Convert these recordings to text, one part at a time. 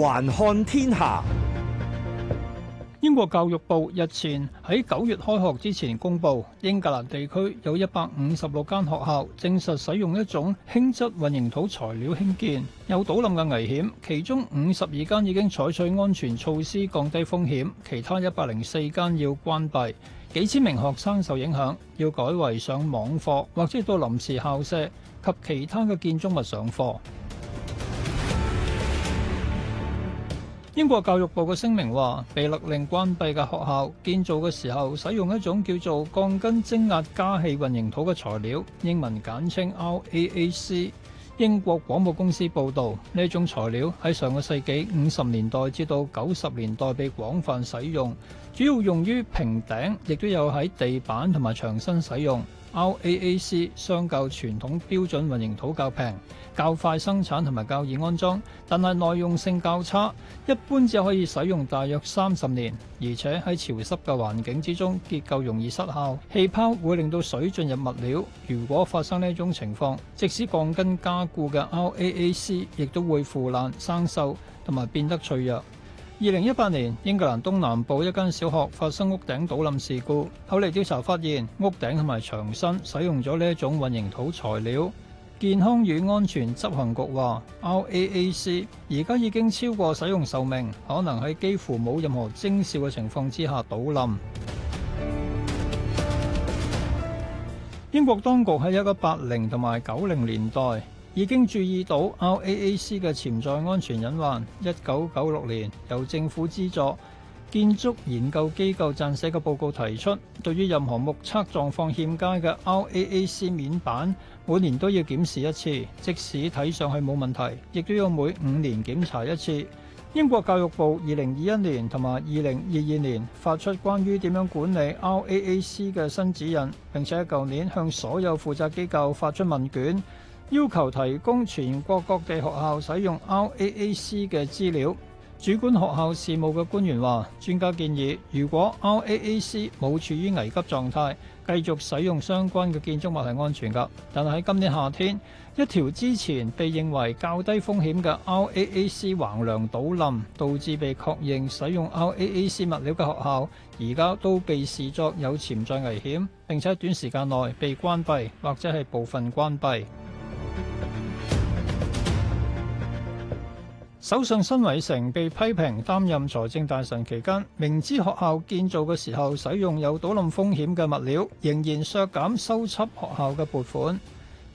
環看天下，英國教育部日前喺九月開學之前公布，英格蘭地區有一百五十六間學校證實使用一種輕質混凝土材料興建，有倒冧嘅危險。其中五十二間已經採取安全措施降低風險，其他一百零四間要關閉，幾千名學生受影響，要改為上網課或者到臨時校舍及其他嘅建築物上課。英國教育部嘅聲明話，被勒令關閉嘅學校建造嘅時候，使用一種叫做鋼筋蒸壓加氣混凝土嘅材料，英文簡稱 R A A C。英國廣播公司報道，呢種材料喺上個世紀五十年代至到九十年代被廣泛使用，主要用於平頂，亦都有喺地板同埋牆身使用。R A A C 相較傳統標準混凝土較平、較快生產同埋較易安裝，但係耐用性較差，一般只可以使用大約三十年，而且喺潮濕嘅環境之中結構容易失效，氣泡會令到水進入物料。如果發生呢種情況，即使鋼筋加固嘅 R A A C 亦都會腐爛、生鏽同埋變得脆弱。二零一八年，英格蘭東南部一間小學發生屋頂倒冧事故。後嚟調查發現，屋頂同埋牆身使用咗呢一種混凝土材料。健康與安全執行局話，RAAC 而家已經超過使用壽命，可能喺幾乎冇任何徵兆嘅情況之下倒冧。英國當局喺一個八零同埋九零年代，已經注意到 R.A.A.C. 嘅潛在安全隱患。一九九六年，由政府資助建築研究機構撰寫嘅報告提出，對於任何目測狀況欠佳嘅 R.A.A.C. 面板，每年都要檢視一次，即使睇上去冇問題，亦都要每五年檢查一次。英國教育部二零二一年同埋二零二二年發出關於點樣管理 R.A.A.C. 嘅新指引，並且喺舊年向所有負責機構發出問卷。要求提供全國各地學校使用 RAAC 嘅資料。主管學校事務嘅官員話：專家建議，如果 RAAC 冇處於危急狀態，繼續使用相關嘅建築物係安全噶。但係喺今年夏天，一條之前被認為較低風險嘅 RAAC 橫梁倒冧，導致被確認使用 RAAC 物料嘅學校，而家都被視作有潛在危險，並且短時間內被關閉或者係部分關閉。首相辛偉誠被批評擔任財政大臣期間，明知學校建造嘅時候使用有倒冧風險嘅物料，仍然削減修葺學校嘅撥款。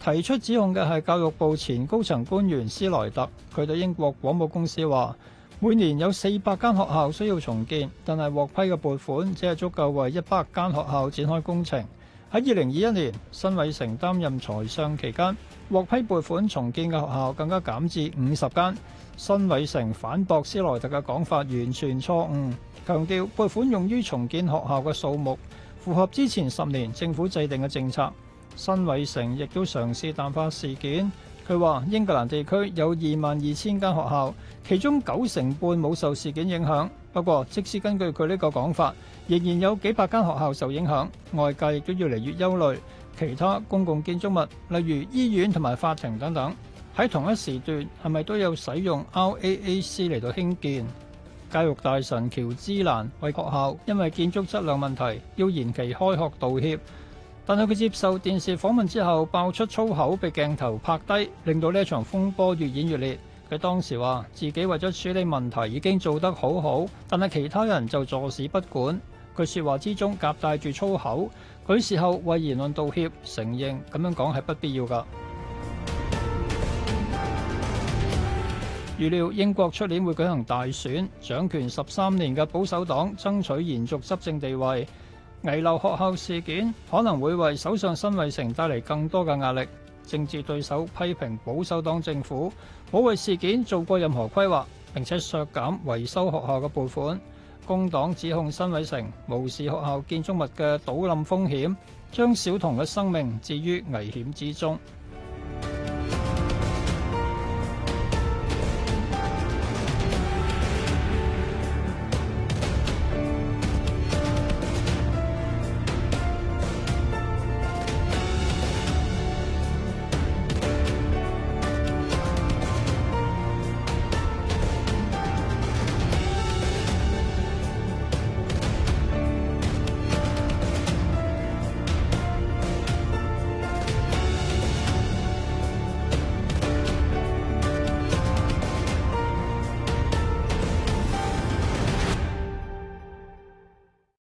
提出指控嘅係教育部前高層官員斯萊特。佢對英國廣播公司話：每年有四百間學校需要重建，但係獲批嘅撥款只係足夠為一百間學校展開工程。喺二零二一年，辛偉誠擔任財相期間，獲批撥款重建嘅學校更加減至五十間。辛偉誠反駁斯萊特嘅講法完全錯誤，強調撥款用於重建學校嘅數目符合之前十年政府制定嘅政策。辛偉誠亦都嘗試淡化事件，佢話英格蘭地區有二萬二千間學校，其中九成半冇受事件影響不過，即使根據佢呢個講法，仍然有幾百間學校受影響，外界亦都越嚟越憂慮。其他公共建築物，例如醫院同埋法庭等等，喺同一時段係咪都有使用？佢當時話自己為咗處理問題已經做得好好，但係其他人就坐視不管。佢說話之中夾帶住粗口，佢事後為言論道歉，承認咁樣講係不必要噶。預 料英國出年會舉行大選，掌權十三年嘅保守黨爭取延續執政地位。危樓學校事件可能會為首相辛偉誠帶嚟更多嘅壓力。政治對手批評保守黨政府冇為事件做過任何規劃，並且削減維修學校嘅撥款。工黨指控辛偉誠無視學校建築物嘅倒冧風險，將小童嘅生命置於危險之中。